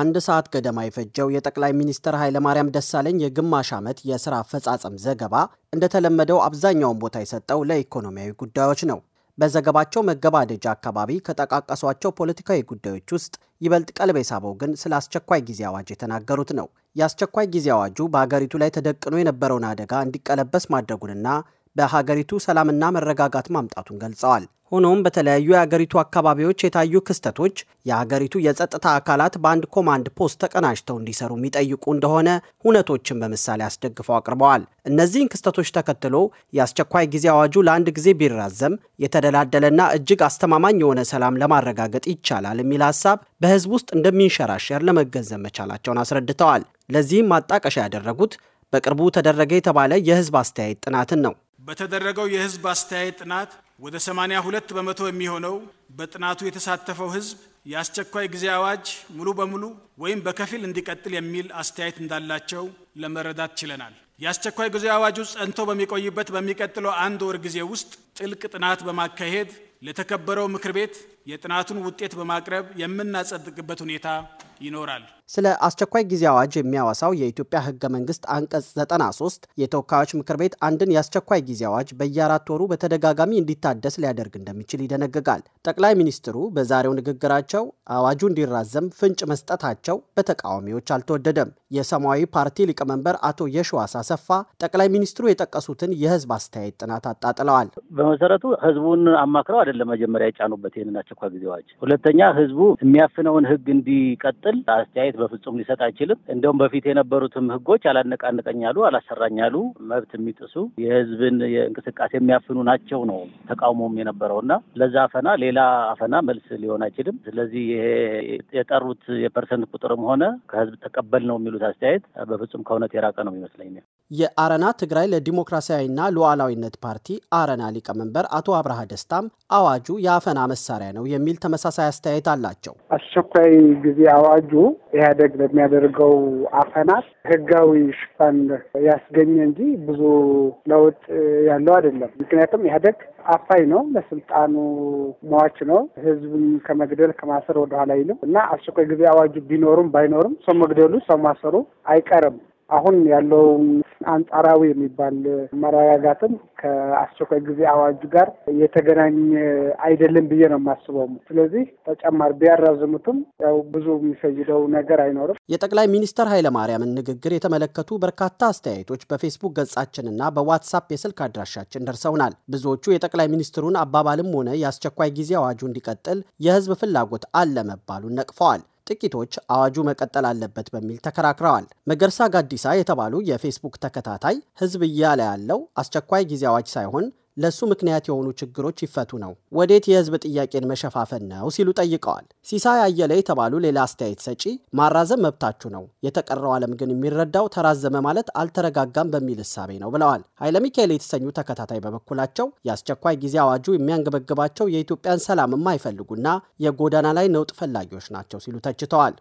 አንድ ሰዓት ገደማ የፈጀው የጠቅላይ ሚኒስትር ኃይለማርያም ደሳለኝ የግማሽ ዓመት የሥራ አፈጻጸም ዘገባ እንደተለመደው አብዛኛውን ቦታ የሰጠው ለኢኮኖሚያዊ ጉዳዮች ነው። በዘገባቸው መገባደጃ አካባቢ ከጠቃቀሷቸው ፖለቲካዊ ጉዳዮች ውስጥ ይበልጥ ቀልብ የሳበው ግን ስለ አስቸኳይ ጊዜ አዋጅ የተናገሩት ነው። የአስቸኳይ ጊዜ አዋጁ በሀገሪቱ ላይ ተደቅኖ የነበረውን አደጋ እንዲቀለበስ ማድረጉንና በሀገሪቱ ሰላምና መረጋጋት ማምጣቱን ገልጸዋል። ሆኖም በተለያዩ የአገሪቱ አካባቢዎች የታዩ ክስተቶች የአገሪቱ የጸጥታ አካላት በአንድ ኮማንድ ፖስት ተቀናጅተው እንዲሰሩ የሚጠይቁ እንደሆነ እውነቶችን በምሳሌ አስደግፈው አቅርበዋል። እነዚህን ክስተቶች ተከትሎ የአስቸኳይ ጊዜ አዋጁ ለአንድ ጊዜ ቢራዘም የተደላደለና እጅግ አስተማማኝ የሆነ ሰላም ለማረጋገጥ ይቻላል የሚል ሀሳብ በህዝብ ውስጥ እንደሚንሸራሸር ለመገንዘብ መቻላቸውን አስረድተዋል። ለዚህም ማጣቀሻ ያደረጉት በቅርቡ ተደረገ የተባለ የህዝብ አስተያየት ጥናትን ነው። በተደረገው የህዝብ አስተያየት ጥናት ወደ 82 በመቶ የሚሆነው በጥናቱ የተሳተፈው ህዝብ የአስቸኳይ ጊዜ አዋጅ ሙሉ በሙሉ ወይም በከፊል እንዲቀጥል የሚል አስተያየት እንዳላቸው ለመረዳት ችለናል። የአስቸኳይ ጊዜ አዋጁ ጸንቶ በሚቆይበት በሚቀጥለው አንድ ወር ጊዜ ውስጥ ጥልቅ ጥናት በማካሄድ ለተከበረው ምክር ቤት የጥናቱን ውጤት በማቅረብ የምናጸድቅበት ሁኔታ ይኖራል። ስለ አስቸኳይ ጊዜ አዋጅ የሚያወሳው የኢትዮጵያ ህገ መንግስት አንቀጽ 93 የተወካዮች ምክር ቤት አንድን የአስቸኳይ ጊዜ አዋጅ በየአራት ወሩ በተደጋጋሚ እንዲታደስ ሊያደርግ እንደሚችል ይደነግጋል። ጠቅላይ ሚኒስትሩ በዛሬው ንግግራቸው አዋጁ እንዲራዘም ፍንጭ መስጠታቸው በተቃዋሚዎች አልተወደደም። የሰማያዊ ፓርቲ ሊቀመንበር አቶ የሸዋስ አሰፋ ጠቅላይ ሚኒስትሩ የጠቀሱትን የህዝብ አስተያየት ጥናት አጣጥለዋል። በመሰረቱ ህዝቡን አማክረው አይደለም መጀመሪያ የጫኑበት ይህንን አስቸኳይ ጊዜ አዋጅ። ሁለተኛ ህዝቡ የሚያፍነውን ህግ እንዲቀጥል የሚመስል አስተያየት በፍጹም ሊሰጥ አይችልም። እንደውም በፊት የነበሩትም ህጎች አላነቃንቀኛሉ ያሉ፣ አላሰራኝ ያሉ፣ መብት የሚጥሱ የህዝብን እንቅስቃሴ የሚያፍኑ ናቸው ነው ተቃውሞም የነበረው እና ለዛ አፈና ሌላ አፈና መልስ ሊሆን አይችልም። ስለዚህ ይሄ የጠሩት የፐርሰንት ቁጥርም ሆነ ከህዝብ ተቀበል ነው የሚሉት አስተያየት በፍጹም ከእውነት የራቀ ነው የሚመስለኝ። የአረና ትግራይ ለዲሞክራሲያዊና ሉዓላዊነት ፓርቲ አረና ሊቀመንበር አቶ አብርሃ ደስታም አዋጁ የአፈና መሳሪያ ነው የሚል ተመሳሳይ አስተያየት አላቸው። አስቸኳይ ጊዜ አዋ አዋጁ ኢህአደግ በሚያደርገው አፈናት ህጋዊ ሽፋን ያስገኘ እንጂ ብዙ ለውጥ ያለው አይደለም። ምክንያቱም ኢህአደግ አፋኝ ነው፣ ለስልጣኑ መዋች ነው፣ ህዝብን ከመግደል ከማሰር ወደኋላ ይልም እና አስቸኳይ ጊዜ አዋጁ ቢኖሩም ባይኖርም ሰው መግደሉ ሰው ማሰሩ አይቀርም። አሁን ያለውን አንጻራዊ የሚባል መረጋጋትም ከአስቸኳይ ጊዜ አዋጅ ጋር የተገናኘ አይደለም ብዬ ነው የማስበው። ስለዚህ ተጨማሪ ቢያራዝሙትም ያው ብዙ የሚፈይደው ነገር አይኖርም። የጠቅላይ ሚኒስትር ኃይለማርያምን ንግግር የተመለከቱ በርካታ አስተያየቶች በፌስቡክ ገጻችንና በዋትሳፕ የስልክ አድራሻችን ደርሰውናል። ብዙዎቹ የጠቅላይ ሚኒስትሩን አባባልም ሆነ የአስቸኳይ ጊዜ አዋጁ እንዲቀጥል የህዝብ ፍላጎት አለመባሉን ነቅፈዋል። ጥቂቶች አዋጁ መቀጠል አለበት በሚል ተከራክረዋል። መገርሳ ጋዲሳ የተባሉ የፌስቡክ ተከታታይ ህዝብ እያለ ያለው አስቸኳይ ጊዜ አዋጅ ሳይሆን ለሱ ምክንያት የሆኑ ችግሮች ይፈቱ ነው፣ ወዴት የህዝብ ጥያቄን መሸፋፈን ነው ሲሉ ጠይቀዋል። ሲሳይ አየለ የተባሉ ሌላ አስተያየት ሰጪ ማራዘም መብታችሁ ነው፣ የተቀረው ዓለም ግን የሚረዳው ተራዘመ ማለት አልተረጋጋም በሚል እሳቤ ነው ብለዋል። ኃይለ ሚካኤል የተሰኙ ተከታታይ በበኩላቸው የአስቸኳይ ጊዜ አዋጁ የሚያንገበግባቸው የኢትዮጵያን ሰላም የማይፈልጉና የጎዳና ላይ ነውጥ ፈላጊዎች ናቸው ሲሉ ተችተዋል።